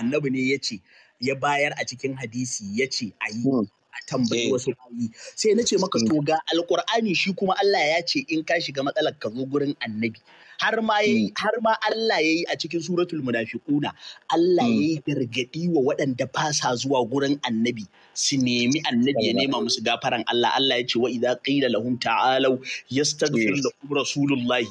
annabi ne ya ce ya bayar a cikin hadisi ya ce a yi hmm. a tambayi eh. wasu bayi sai na ce maka hmm. to ga alkur'ani shi kuma Allah ya ce in ka shiga matsalar ka zo gurin annabi har ma hmm. har ma Allah yayi a cikin suratul munafiquna Allah yayi gargadi wa waɗanda fasa zuwa gurin annabi su nemi annabi ya nema musu gafaran Allah Allah ya ce wa idza qila lahum ta'alu yastaghfir lakum rasulullahi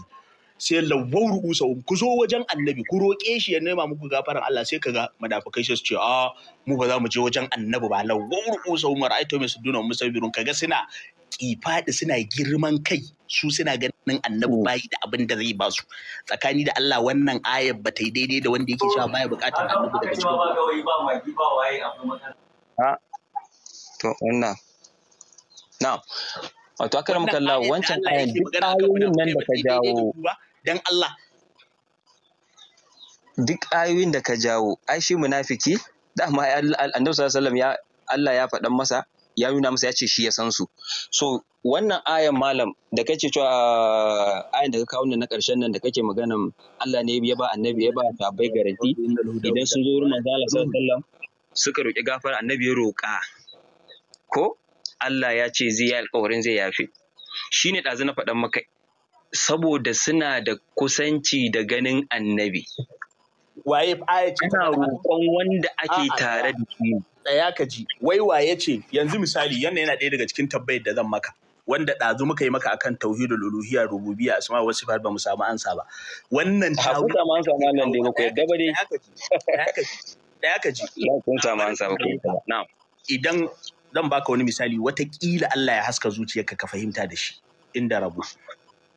sai lawwar usahum ku zo wajen annabi ku roƙe shi ya nema muku gafaran Allah sai kaga madafakai shi su ce a ah, mu ba za mu je wajen annabi ba lawwar usahum ra'aytu min suduna musabbirun kaga suna kifaɗi suna girman kai su suna ganin annabi bayi da abin da zai basu tsakani da Allah wannan ayar ba ta yi daidai da wanda yake cewa baya buƙatar annabi daga cikin to wannan na wato akar mukalla wancan ayan duk ayoyin nan da ka jawo dan Allah duk ayoyin da ka jawo ai shi munafiki dama annabi sallallahu ya Allah ya faɗan masa ya nuna masa ya ce shi ya san su so wannan ayan malam da kace cewa ah, ayan da ka kawo na karshen nan da kake magana Allah ne ya ba annabi ya ba bai garanti idan sun zo wurin Allah sallallahu alaihi wasallam suka roki gafara annabi ya roƙa ko Allah ya ce zai yi alƙawarin zai yafe shine ɗazu na faɗan maka saboda suna da kusanci da ganin annabi. Waye aya ce ta roƙon wanda ake tare da shi. Tsaya ka ji, wai waye ce yanzu misali yana yana ɗaya daga cikin tabbayar da zan maka. Wanda ɗazu muka yi maka akan kan tauhi da asma rububiya, sifat ba mu samu ansa ba. Wannan ta Ku samu ansa ma nan dai muku yadda ba dai. Tsaya ka ji. Kun samu ansa ba ku. Idan zan baka wani misali watakila Allah ya haska zuciyarka ka fahimta da shi inda rabu.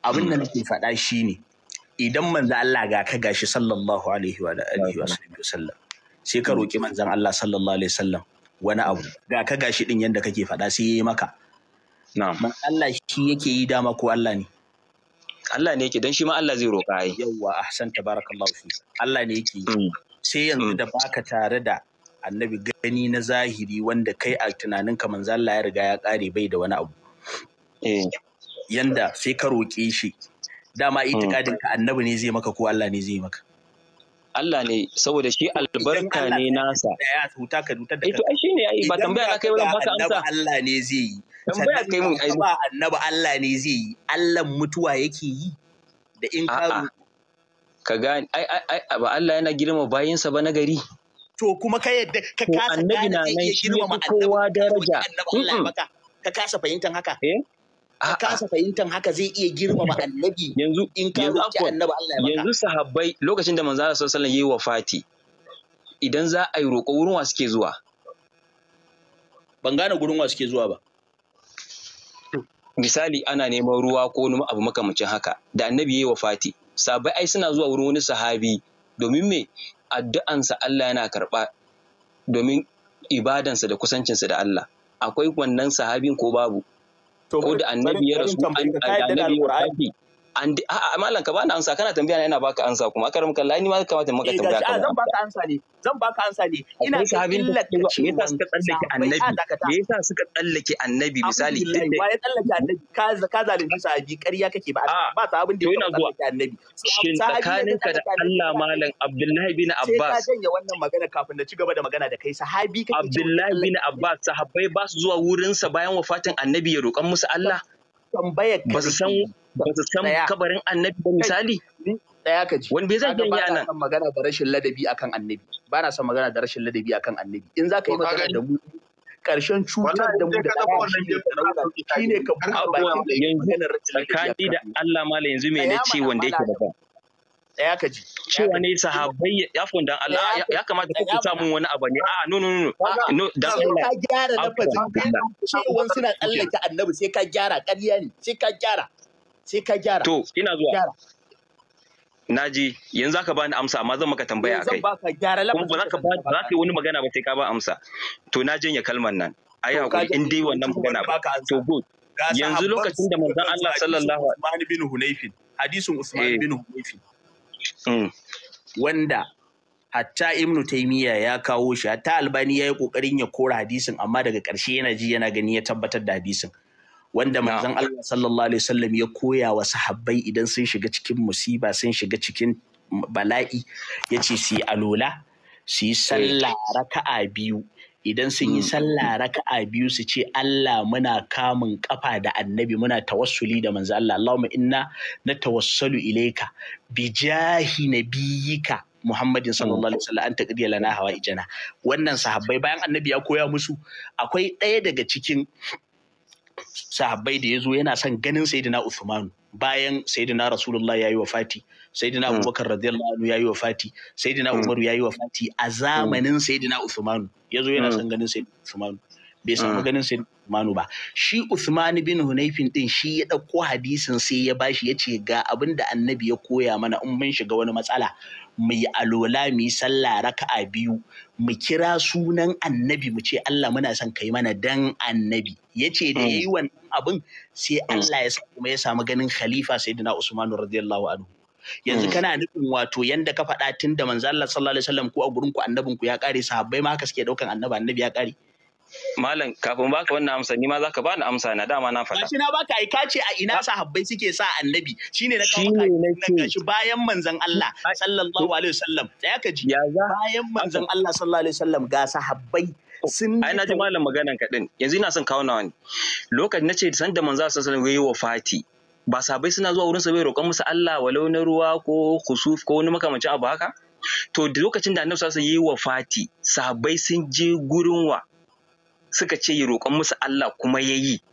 abin da nake faɗa shi ne, idan manzo Allah ga ka gashi sallallahu alaihi wa alihi wa sallam sai ka roki manzon Allah sallallahu alaihi wasallam wani abu ga ka gashi din yanda kake faɗa sai yayi maka na'am man Allah shi yake yi dama ko Allah ne Allah ne yake dan shi ma Allah zai roka ai yawa ahsan tabarakallahu fi Allah ne yake mm. sai yanzu mm. da baka tare da annabi gani na zahiri wanda kai a tunaninka manzo Allah ya riga ya kare bai da wani abu eh. yanda sai ka roƙe shi dama hmm. itikadin ka annabi ne zai maka ko Allah ne zai maka Allah ne saboda shi albarka ne nasa ya huta ka da eh shi ne ai ba tambaya kai ba ka amsa Allah ne zai yi tambaya kai mun ai ba annabi Allah ne zai yi Allah mutuwa yake yi da in ka ka gane ai ai ba Allah yana girma bayinsa ba na gari to kuma ka yadda ka kasa gane zai girma ma annabi kowa daraja ka kasa fahimtar haka eh A kasa fahimtar haka zai iya girmama annabi yanzu in ka roki annabi Allah ya yanzu sahabbai lokacin da manzo Allah sallallahu alaihi wasallam yayi wafati idan za a yi roƙo wurin wa suke zuwa ban gane gurin wa suke zuwa ba misali ana neman ruwa ko wani abu makamancin haka da annabi yayi wafati sahabbai ai suna zuwa wurin wani sahabi domin me addu'ansa Allah yana karɓa domin ibadansa da kusancinsa da Allah akwai wannan sahabin ko babu ko da annabi ya rasu an annabi ya rasu a'a malam ka bani amsa kana tambaya na ina baka amsa kuma akaram kallah ni ma kamata maka eh, tambaya kana ah, zan baka amsa ne zan baka amsa ne ina ka illat ah, me yasa suka tsallake annabi me yasa suka tsallake annabi misali ba ya tsallake annabi ka ka zalunci sahabi ƙarya kake ba ah, ba abin da ya tsallake annabi shin tsakaninka da Allah malam Abdullahi bin Abbas sai ka janye wannan magana kafin da ci gaba da magana da kai sahabi kake Abdullahi bin Abbas sahabbai ba su zuwa wurinsa bayan wafatin annabi ya roƙan musu Allah tambayar ba su san ba su san kabarin annabi ba misali daya ka ji wani bai zan yi anan ba magana da rashin ladabi akan annabi ba na son magana da rashin ladabi akan annabi in za ka yi magana da mu karshen cutar da mu da shi ne ka ba bakin yanzu da Allah mala yanzu me ne ce wanda yake da ba tsaya ka ji cewa ne sahabbai ya fi dan Allah ya kamata kuka samun wani abu ne a'a no no no no da Allah ka gyara na fasin cewa suna tsallake annabi sai ka gyara ƙarya ne sai ka gyara sai ka gyara to ina zuwa Naji yanzu aka bani amsa amma zan maka tambaya eh, akai kuma ba za ka ba za ka yi wani magana ba sai ka ba amsa to na janye kalmar nan ayi hakuri in dai wannan magana ba to good yanzu lokacin da manzon Allah sallallahu alaihi wa wasallam hadisin Usman bin Hunayfin Mm. wanda hatta ibnu taimiya ya kawo shi hatta albani ya yi kokarin ya kora hadisin amma daga ƙarshe yana ji yana gani ya tabbatar da hadisin wanda manzon Allah sallallahu alaihi wasallam ya koya wa sahabbai idan sun shiga cikin musiba sun shiga cikin bala'i ya ce su yi alola su yi sallah raka'a biyu idan sun yi mm. sallah raka'a biyu su ce Allah muna kamun kafa da annabi muna tawassuli da manzo Allah Allahumma inna na tawassalu ilaika bijahi nabiyika Muhammadin sallallahu alaihi wasallam an taqdiya lana hawa ijana wannan sahabbai bayan annabi ya koya musu akwai ɗaya daga cikin sahabbai da yazo yana son ganin sayyidina Uthman bayan sayyidina rasulullah wa Fati, sayyidina hmm. abubakar radiyallahu anhu wa Fati, sayyidina hmm. umaru ya yi wa Fati, a zamanin sayyidina Ya yazo yana hmm. son ganin sayyidina usman bai san ganin sayyidina usman ba shi usman bin hunayfin din shi ya dauko hadisin sai ya bashi yace ga abinda annabi ya koya mana in mun shiga wani matsala mu yi alola mu yi sallah raka'a biyu mu kira sunan annabi mu ce Allah muna son kai mana dan annabi yace da yi hmm. wannan abin sai hmm. Allah ya kuma ya samu ganin khalifa sayyidina Usman radiyallahu anhu yanzu hmm. kana nufin wato yanda ka faɗa tun da manzo Allah sallallahu alaihi wasallam ko a gurin ku annabin ya kare sahabbai ma haka suke daukan annabi annabi ya kare malam kafin baka wannan amsa ni ma zaka bani amsa na dama na faɗa shi na baka ai kace a ina sahabbai suke sa annabi shine na kawo ka shi bayan manzon Allah sallallahu alaihi wasallam ya ka ji bayan manzon Allah sallallahu alaihi wasallam ga habbai oh, sun ai na ji malam maganan ka din yanzu ina son kawo nawa ne lokacin nace da manzon sallallahu alaihi wasallam yayi wafati ba sabai suna zuwa wurin sa bai roƙon musu Allah walau na ruwa ko kusuf ko wani makamancin abu haka to da lokacin da annabi sallallahu alaihi wasallam yayi wafati sabai sun je gurin wa suka ce yi roƙon musu Allah kuma ya yi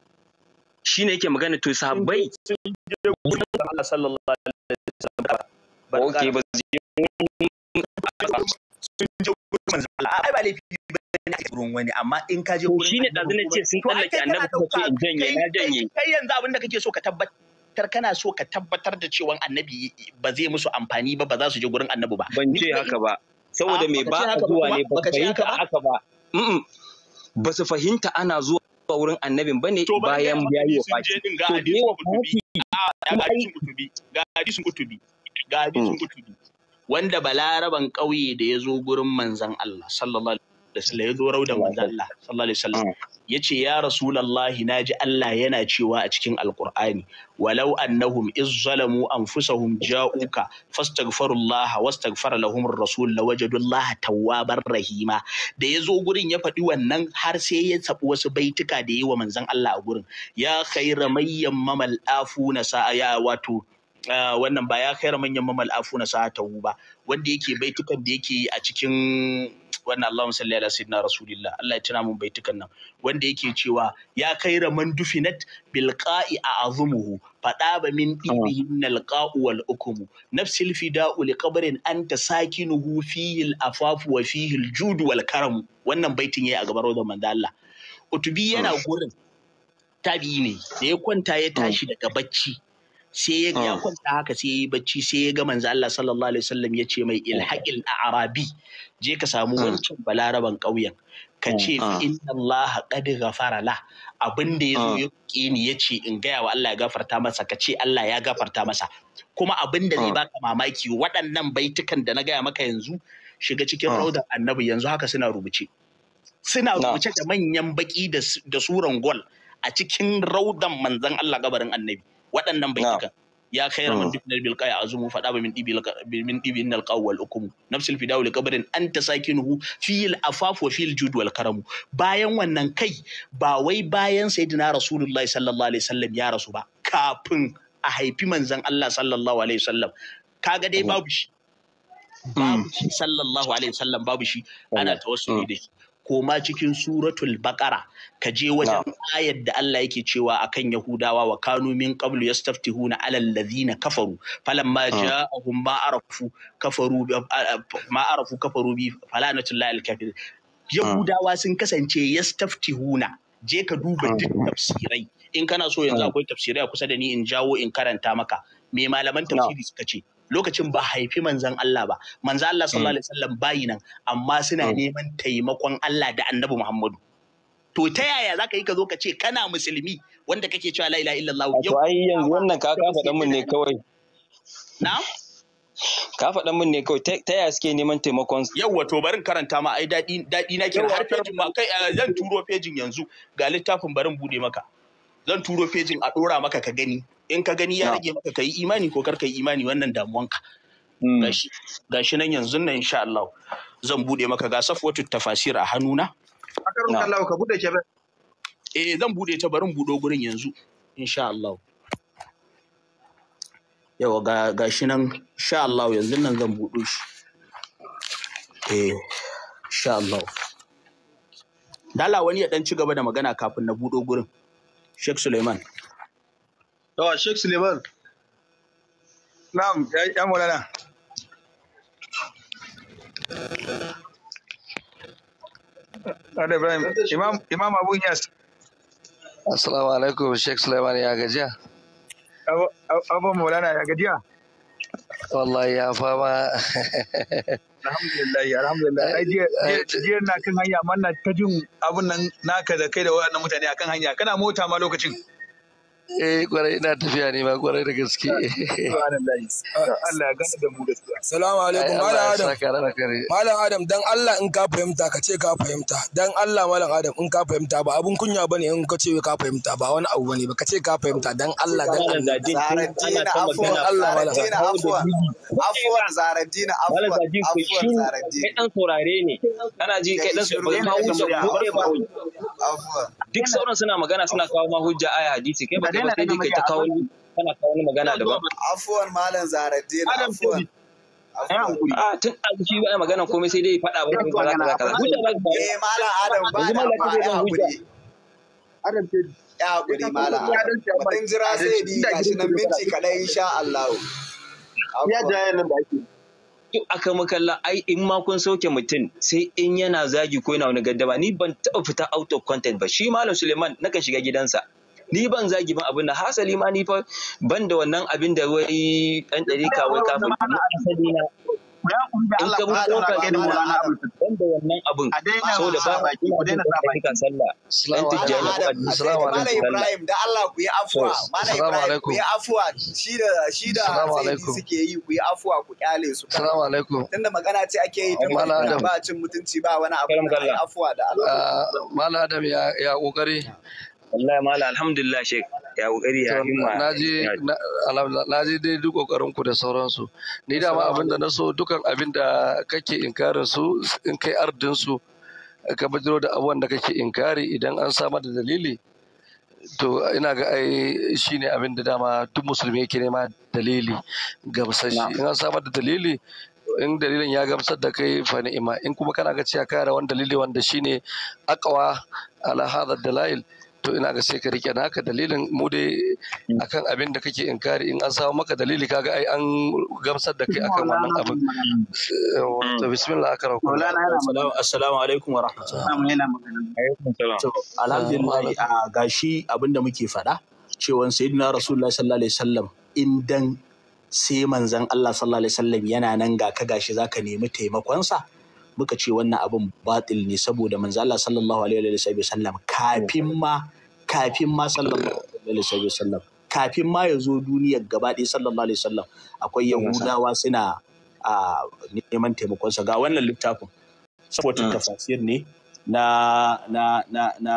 shi ne yake magana to sahabbai Allah sallallahu gurin wani amma in ka je gurin shine ce sun tsallake annabi ko ce in janye na janye kai yanzu da kake so ka tabbatar kana so ka tabbatar da cewa annabi ba zai musu amfani ba ba za su je gurin annabi ba ban ce haka ba saboda ah, mai ba zuwa ne ba ka yi haka ba ba su fahimta ana zuwa wurin annabin ba ne bayan yayi wa faci. To da yawa faci. Ah, ga hadisin kutubi. Ga hadisin hmm. kutubi. Wanda balaraban ƙauye da ya zo gurin manzan Allah sallallahu alaihi da sallah ya zo rauda manzo Allah sallallahu alaihi wasallam ah. yace ya rasulullahi naji Allah yana cewa a cikin alqur'ani walau annahum iz zalamu anfusahum ja'uka fastaghfirullaha wastaghfara lahum ar-rasul lawajadullaha tawwabar rahima da ya zo gurin ya faɗi wannan har sai ya tafi wasu baituka da yi wa manzon Allah a gurin ya khayra mayyan mamal afuna sa'a wato wannan ba ya khayra manyan mamal afuna sa'a tawu ba wanda yake baitukan da yake a cikin wannan Allahumma salli ala sayyidina rasulillah Allah ya tuna mun baitukan nan wanda yake cewa ya kai man dufinat bil qa'i a'zumuhu fada ba min dibihin al qa'u wal ukumu nafsil fida'u li qabrin anta sakinuhu fihi al afafu wa fihi al jud wal karam wannan baitin yayi a gaban rodan manzo Allah utubi yana gurin tabi ne da ya kwanta ya tashi daga bacci sai ya ah. kwanta haka sai ya yi bacci sai ya ga manzo Allah sallallahu alaihi wasallam ya ce mai ilhaqil arabi je ka samu ah. wancan balaraban ƙauyen ka ah, ce inna Allah qad ghafara la abin da yazo ya ni ya ce in gaya wa Allah ya gafarta masa ka ce Allah ya gafarta masa kuma abinda zai baka mamaki waɗannan baitukan da na gaya maka yanzu shiga cikin raudar annabi yanzu haka suna rubuce suna rubuce da manyan baki da suran gol a cikin raudan manzon Allah gabarin annabi waɗannan baitukan ya kai khayra hmm. man duknar bil qaya azumu faɗa ba min ɗibi min na al qawwal hukum nafsul fidaw li qabrin anta sakinuhu fil afaf wa fil jud wal karamu. bayan wannan kai ba wai bayan sayyidina rasulullahi sallallahu alaihi wasallam ya rasu ba kafin a haifi manzon Allah sallallahu alaihi wasallam kaga dai hmm. babu shi hmm. babu shi sallallahu alaihi wasallam babu shi ana tawassuli da shi koma cikin suratul bakara. ka je wajen ayar da Allah yake cewa akan yahudawa wa kanu min qablu yastaftihuna alal ladhina kafaru falamma ja'ahum ma arafu kafaru ma arafu kafaru bi kafir yahudawa sun kasance yastaftihuna je ka duba duk tafsirai in kana so yanzu akwai tafsirai a kusa da ni in jawo in karanta maka me malaman tafsiri suka ce lokacin ba haifi manzan Allah ba manzan Allah sallallahu alaihi wasallam bayi nan amma suna hmm. neman taimakon Allah da Annabi Muhammadu to ta yaya zaka yi ka zo ka ce kana musulmi wanda kake cewa la ilaha illallah yau to ai yanzu wannan ka ka faɗa mun ne kawai na'am ka faɗa mun ne kawai ta yaya suke neman taimakon su yawa to barin karanta ma ai daɗi dadi na kira har pejin ma kai eh, zan turo pejin yanzu ga littafin barin bude maka zan turo pejin a ɗora maka ka gani in ka gani ya ah. rage maka ka yi imani ko kar ka yi imani wannan damuwanka hmm. shi nan yanzu nan insha Allah zan bude maka ga safwatu tafasir a hannuna akarun ka bude eh zan bude ta barin budo gurin yanzu insha Allah yawa ga shi nan insha Allah yanzu nan zan bude shi eh insha Allah Dala wani ya dan ci gaba da magana kafin na budo gurin Sheikh Suleiman. Yawa Sheikh Suleiman. Na'am, ya Maulana. Ade Ibrahim. Imam Imam Abu Yas. Assalamu alaikum Sheikh Suleiman ya gajiya. Abu Abu Maulana ya gajiya. Wallahi ya fama. Alhamdulillah, alhamdulillah. Ai jiya na kan hanya manna ta jin abun nan naka da kai da waɗannan mutane akan hanya. Kana mota ma lokacin. Eh kwarai ina tafiya ne ma kwarai da gaske. Salamu alaikum Malam Adam. Malam Adam dan Allah in ka fahimta ka ce ka fahimta. Dan Allah Malam Adam in ka fahimta ba abun kunya bane in ka ce ka fahimta ba wani abu bane ba ka ce ka fahimta dan Allah dan Allah. Zaradina afuwan Allah Malam. Zaradina afuwan. Afuwan Zaradina afuwan. Afuwan Zaradina. Kai dan saurare ne. Kana ji kai dan saurare ma hujja ko ba hujja. Duk sauran suna magana suna kawo ma hujja aya hadisi kai ba daidai ba sai dai kai ta kawo kana kawo magana daban afuwan malam zaharaddin afuwan a ah, tun an shi ba magana komai sai dai faɗa ba kuma za ka za ka za hujja eh malam adam ba da ba ya hujja adam ce ya hakuri malam mutum jira sai di gashi nan minti kaɗan insha Allah ya jaya nan da ake duk aka makalla ai in ma kun soke mutum sai in yana zagi ko yana wani gaddaba. ni ban taɓa fita out of content ba shi malam Suleiman nakan shiga gidansa ni ban zagi ban abin da hasali ma ni fa ban da wannan abin da wai dan dariƙa wai kafin fadi na in ka bi kokar da ban da wannan abun so ba ba ki ku daina zaba kan sallah dan tijjani ko addini assalamu alaikum Ibrahim da Allah ku yi afuwa malam Ibrahim ku yi afuwa shi da shi da suke yi ku yi afuwa ku kyale su assalamu alaikum tunda magana ce ake yi ta ba cin mutunci ba wani abu afuwa da Allah ah, malam Adam ya kokari ya mala alhamdulillah shek ya kokari ya himma na ji dai duk kokarin ku da sauransu ni da ma abinda na so dukan abinda kake inkarin su in kai ardin su ka bajiro da abuwan da kake inkari idan an samar da dalili to ina ga ai shine abin da dama duk musulmi yake nema dalili gamsashi in an samar da dalili in dalilin ya gamsar da kai fa ni'ima in kuma kana ga cewa kana da wani dalili wanda shine akawa ala hadha dalail to ina ga sai ka rike naka dalilin mu dai mm. akan abin da kake inkari in an samu maka dalili kaga ai an gamsar da kai akan wannan abin to mm. bismillah akara ku assalamu alaikum wa rahmatullahi alhamdulillah gashi abin da muke faɗa cewa sayyidina rasulullahi sallallahu alaihi wasallam in dan sai manzon Allah sallallahu alaihi wasallam yana nan ga ka gashi zaka nemi taimakon sa muka ce wannan abin batil ne saboda manzo Allah sallallahu alaihi wa sallam kafin ma kafin ma sallallahu alaihi wa sallam kafin ma ya zo duniyar gaba ɗaya sallallahu alaihi wa sallam akwai yahudawa suna neman taimakonsa ga wannan littafin saboda hmm. tafasir ne na na na na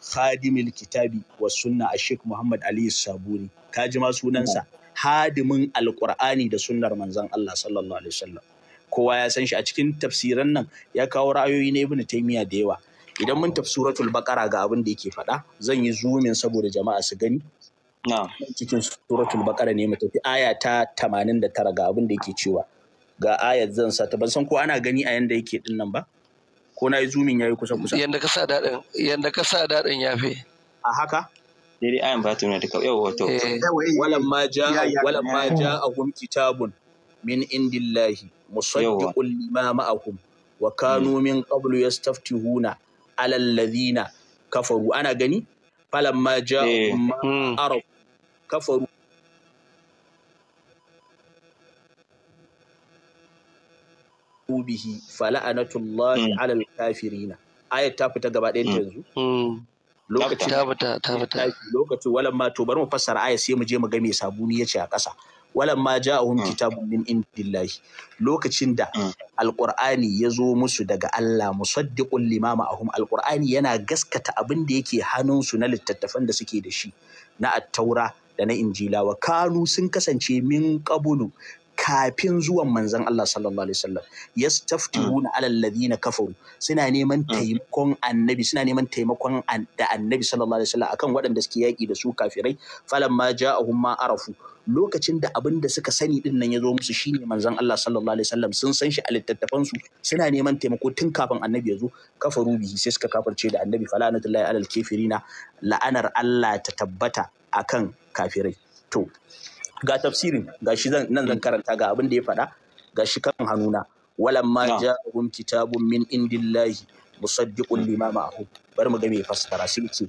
khadimil kitabi wa sunna a Sheikh Muhammad Ali Sabuni kaji ma sunansa hmm. hadimin alqur'ani da sunnar manzon Allah sallallahu alaihi wasallam kowa ya san shi a cikin tafsiran nan ya kawo ra'ayoyi na ibn taymiya da yawa idan mun tafi suratul baqara ga abin da yake faɗa zan yi zumin saboda jama'a su gani cikin suratul baqara ne mu tafi aya ta 89 ga abin da yake cewa ga ayat zan sa ta ban san ko ana gani a yanda yake din nan ba ko na yi zumin yayi kusa kusa yanda ka sa dadin yanda ka sa dadin yafe a haka daidai ayan ba ta nuna duka yau wato eh. eh, walamma ja walamma gumki kitabun min indillahi musaddiqul lima ma'akum wa kanu hmm. min qablu yastaftihuna ala alladhina kafaru ana gani falamma ja'ahum eh, hmm. arab kafaru bihi fala'anatullahi hmm. ala alkafirina ayat ta fita gaba ɗaya yanzu lokacin ta fita ta fita lokacin walamma to bari mu fassara ayat sai mu je mu ga me sabuni yace a ƙasa walan ma ja'ahum hmm. kitabun min indillahi lokacin da hmm. alqur'ani ya zo musu daga Allah musaddiqul limama ahum alqur'ani yana gaskata abin da yake hannunsu na littattafan da suke da shi na attaura da na injilawa kanu sun kasance min qabulu kafin zuwan manzon Allah sallallahu alaihi wasallam yastaftihuna hmm. alal ladina kafaru suna neman taimakon annabi suna neman taimakon da annabi sallallahu alaihi wasallam akan waɗanda suke yaƙi da su kafirai falamma ja'ahum ma arafu lokacin da abin da suka sani din nan ya zo musu shine manzon Allah sallallahu alaihi wasallam sun san shi a littattafan su suna neman taimako tun kafin annabi ya zo kafaru bihi sai suka kafirce da annabi falanatullahi alal kafirina la'anar Allah ta tabbata akan kafirai to ga tafsirin ga shi nan zan karanta ga abin da ya faɗa ga shi kan walam walamma ja'ahum kitabun min indillahi musaddiqun lima ma'ahu bari mu ga me fassara sai ce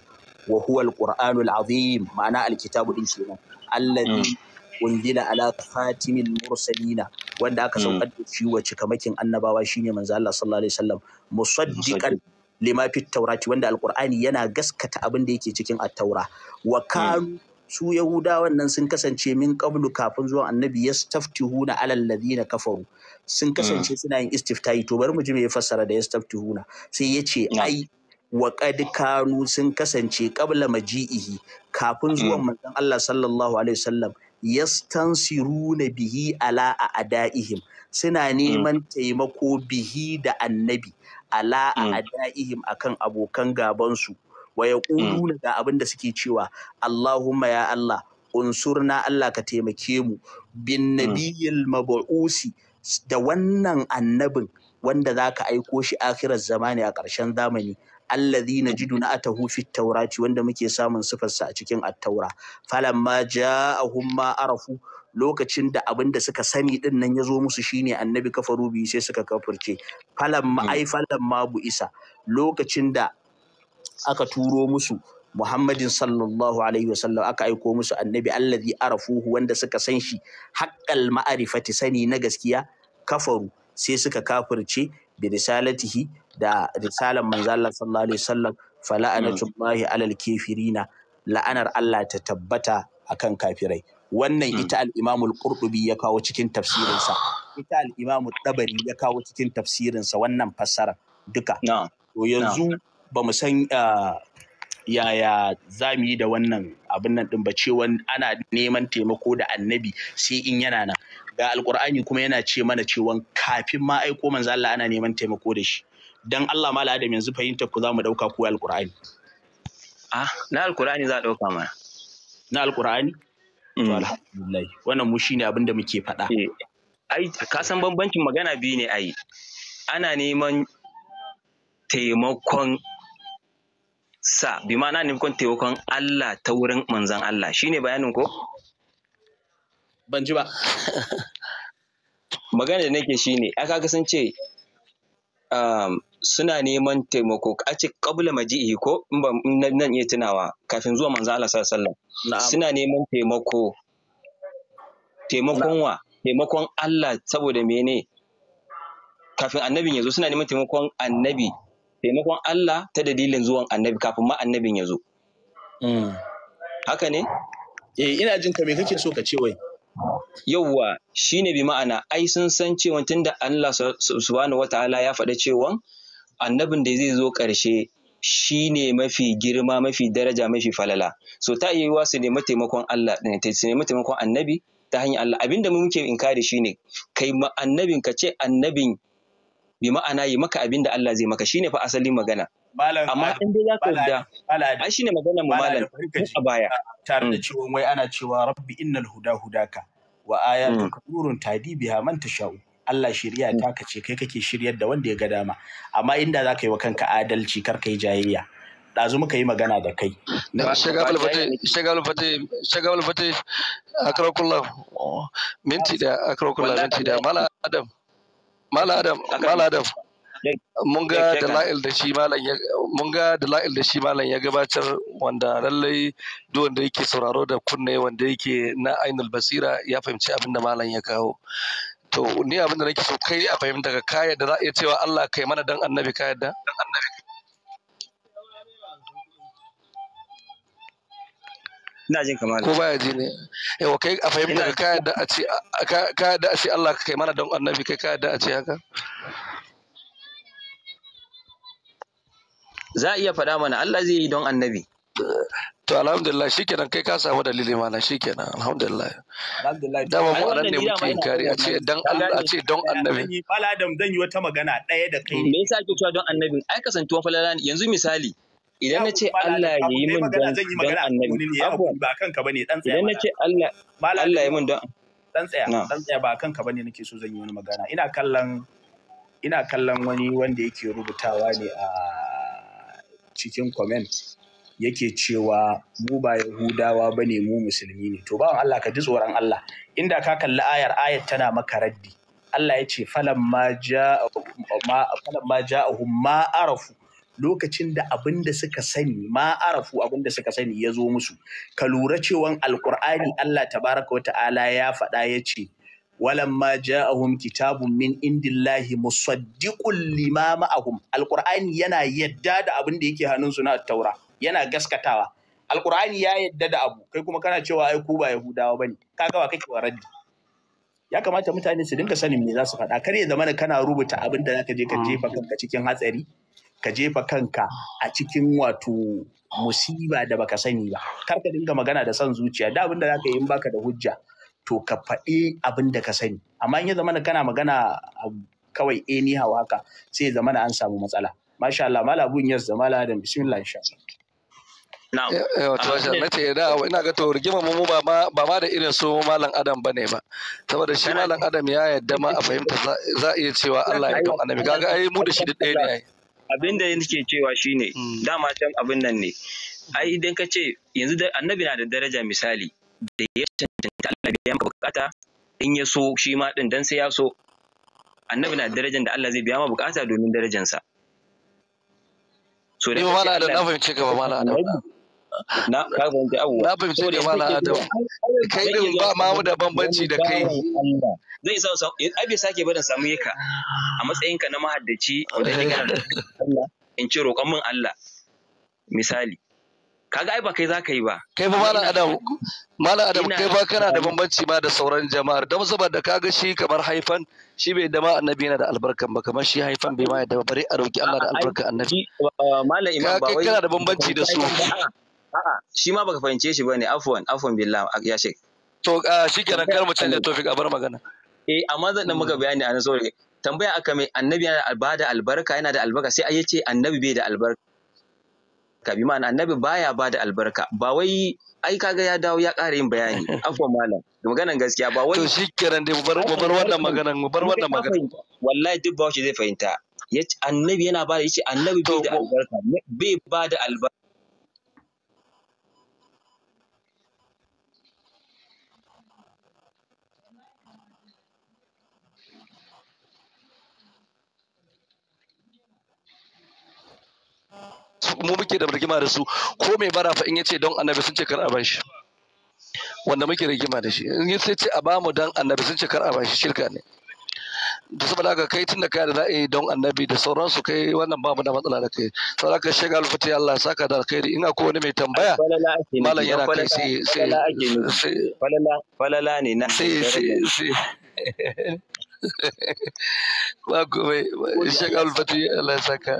wa huwa alqur'anul azim ma'ana alkitabu din kenan hmm. alladhi undila ala fatimin mursalina wanda aka saukar hmm. shi wa cikamakin annabawa shine manzo Allah sallallahu alaihi wasallam musaddiqan lima fit taurati wanda alqur'ani yana gaskata abin da yake cikin at-taura wa kanu hmm. su yahudawan nan sun kasance min qablu kafin zuwan annabi yastaftihuna alal ladina kafaru sun hmm. kasance suna yin istiftahi to bari mu ji me ya fassara da yastaftihuna sai yace ai wa kanu sun kasance qabla maji'ihi kafin zuwan manzon Allah sallallahu alaihi wasallam yastansiruna bihi ala a a'daihim suna hmm. neman taimako bihi da annabi ala hmm. a'daihim akan abokan gabansu wa hmm. yaquluna ga abin da suke cewa Allahumma ya Allah unsurna Allah ka taimake mu bin nabiyil mab'usi da wannan annabin wanda za ka aiko shi akhirar zamani a ƙarshen zamani allazi na jidu na atahu fi taurati wanda muke samun sifarsa a cikin attaura falamma ja'ahum ma arafu lokacin da abin da suka sani din nan ya zo musu shine annabi kafaru biyu sai suka kafirce falamma hmm. ai falamma bu isa lokacin da aka turo musu Muhammadin sallallahu alaihi wasallam aka aiko musu annabi allazi arafuhu wanda suka san shi haqqal ma'arifati sani na gaskiya kafaru sai suka kafirce bi risalatihi da risalar manzo Allah sallallahu alaihi wasallam llahi mm. alal kafirina la'anar Allah ta tabbata akan kafirai wannan mm. ita al-Imam al-Qurtubi ya kawo cikin tafsirinsa ita al-Imam tabari ya kawo cikin tafsirinsa wannan fassara duka to yanzu ba mu san ah, yaya za mu yi da wannan abin nan din ba cewa ana neman taimako da annabi sai in yana nan ga alkur'ani kuma yana ce mana cewa kafin ma aiko manzo Allah ana neman taimako da shi dan Allah mala adam yanzu fahimta ku za mu dauka ku alqur'ani ah na alqur'ani za a dauka mana na alqur'ani to mm. alhamdulillah wannan mu shine abin da muke faɗa eh, ai ka san bambancin magana biyu ne ai ana neman taimakon sa bi ana neman taimakon Allah ta wurin manzan Allah shine bayanin ko ban ji ba magana da nake shine aka ga ce um, suna neman taimako a ce ji maji'i ko nan iya tunawa kafin zuwa manzo Allah sallallahu alaihi suna neman taimako taimakon wa taimakon Allah saboda mene kafin annabin ya zo suna neman taimakon annabi taimakon Allah ta dalilin zuwan annabi kafin ma annabin ya zo hmm. haka ne eh ina jin ka me kake so ka ce wai yauwa shine bi ma'ana ai sun san cewa tunda Allah subhanahu wataala ya faɗa cewa annabin da zai zo ƙarshe shi ne mafi girma mafi daraja mafi falala so ta yiwuwa su nemi taimakon Allah su nemi taimakon annabi ta hanyar Allah Abin mu muke inkari ne kai ma annabin ka ce annabin bi ma'ana yi maka abin da Allah zai maka Shi ne fa asalin magana amma in dai za ka yarda ai ne maganar mu malam a baya tare da mm. cewa wai ana cewa rabbi innal huda hudaka wa ayatu kaburun tadi biha man tasha'u Allah shirya mm. ta ka ce kai kake shiryar da wanda ya ga dama amma inda za ka yi wa kanka adalci kar ka yi jayayya ɗazu muka yi magana da kai. Shagal Fate, akrakullah, minti da akrakullah, minti da Mala Adam, Mala Adam, Mala Adam. Mun ga dala'il da shi malam ya mun ga dala'il da shi malam ya gabatar wanda lallai duk wanda yake sauraro da kunne wanda yake na ainul basira ya fahimci abin da malam ya kawo. to ni abin da nake so kai a fahimta ka ka yadda za a iya cewa Allah kai mana dan annabi ka yadda ina jin kamar ko baya ji ne yawa kai a fahimta ka yadda a ce ka yadda a ce Allah kai mana dan annabi kai ka yadda a ce haka za a iya faɗa mana Allah zai yi don annabi to alhamdulillah shikenan kai ka samu dalili mana shikenan alhamdulillah dama mu anan ne muke yin kari a ce dan Allah a ce don annabi yi wata magana da kai me yasa ke cewa don annabi ai kasantuwa falala ne yanzu misali idan na ce Allah ya yi min don annabi ba kanka bane dan tsaya idan na ce Allah Allah ya min don dan tsaya dan tsaya ba kanka bane nake so zan yi wani magana ina kallon ina kallon wani wanda yake rubutawa ne a cikin comment yake cewa mu ba Yahudawa ba ne mu musulmi ne. To bawan Allah ka ji tsoron Allah. Inda ka kalli ayar ayar tana maka raddi. Allah ya ce falan ma ja'ahum ma arafu lokacin da abin da suka sani ma arafu abin da suka sani ya zo musu. Ka lura cewan alkur'ani Allah tabaraka wa ta'ala ya faɗa ya ce walamma ja'ahum kitabun min indillahi musaddiqul lima ma'ahum alqur'ani yana yadda da abin da yake su na taura yana gaskatawa Alƙur'ani ya yadda da abu kai kuma kana cewa ai ku ba yahudawa bane ka gawa kake wa raddi ya kamata mutane su dinga sanin me za su faɗa kar ya zama kana rubuta abin da zaka je ka mm. jefa kanka cikin hatsari ka jefa kanka a cikin wato musiba da baka sani ba kar ka dinga magana da son zuciya da abin da zaka yi in baka da hujja to ka faɗi abin da ka sani amma in ya zamana kana magana um, kawai eh, hawa haka sai ya zamana an samu matsala masha Allah mala abun yas da mala da bismillah insha Eh, eh, na ce da ina ga to rigima mu ba ma ba ma da irin su malam adam bane ba saboda shi malam adam ya yadda ma a fahimta za iya cewa Allah ya kan annabi kaga ai mu da shi da ɗaya ne ai abin da yake cewa shine hmm. dama can abin nan ne ai idan ka ce yanzu annabi na da daraja misali da ya cancanta Allah biya maka bukata in ya so shi ma din dan sai ya so annabi na da darajar da Allah zai biya ma bukata domin darajarsa so da na fahimci ka ba mala adam na ka fahimci abubuwa na fahimci da mala adam kai din ba ma mu da bambanci da kai zai sa eh, ai bai sake barin samu yaka a matsayinka na mahaddaci wajen Allah. in ce roƙon min Allah misali kaga ai ba kai zaka yi ba kai ba malam adam malam adam kai ba kana da bambanci ma da sauran jama'ar don saboda kaga shi kamar haifan shi bai da ma annabi yana da albarkan ba kamar shi haifan bai ma yadda ba bare a roki Allah da albarkan annabi eh, malam imam ba wai kana da bambanci da su A'a, shi ma baka fahimce shi bane, afwan, afwan billah ya shek. To ah, shi kenan kar mu canja topic a bar magana. Eh, amma zan dan muka bayani a nan saboda tambaya aka mai annabi yana da da albarka yana da albarka sai ya ce annabi bai da albarka. Bi ma'ana annabi baya bada albarka ba wai ai kaga ya dawo ya ƙara yin bayani afwan malam maganan gaskiya ba wai to shi kenan dai mu bar wannan maganan mu bar wannan maganan wallahi duk ba shi zai fahimta annabi yana ba da yace annabi bai da albarka bai ba da albarka mu muke da rigima da su ko mai bara fa in yace don annabi sun ce kar a bashi wanda muke rigima da shi in sai ce a bamu don annabi sun ce kar a bashi shirka ne da su balaga kai tunda kai da za'a yi don annabi da sauransu kai wannan babu da matsala da kai saboda haka shiga alfati Allah ya saka da alkhairi ina ko wani mai tambaya malam yana kai sai sai falala falala ne na sai sai ba komai shek alfati Allah ya saka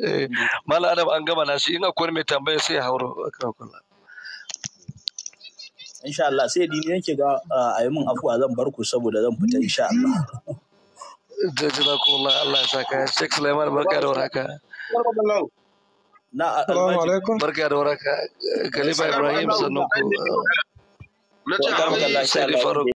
eh, mala adam an gama nashi ina akwai mai tambaya sai ya hauro insha Allah sai dini yanke ga a yi afuwa zan bar ku saboda zan fita insha Allah da jazakumullah Allah ya saka shek Sulaiman barka da warhaka na barka da warhaka khalifa Ibrahim sannan ku na ce Allah ya saka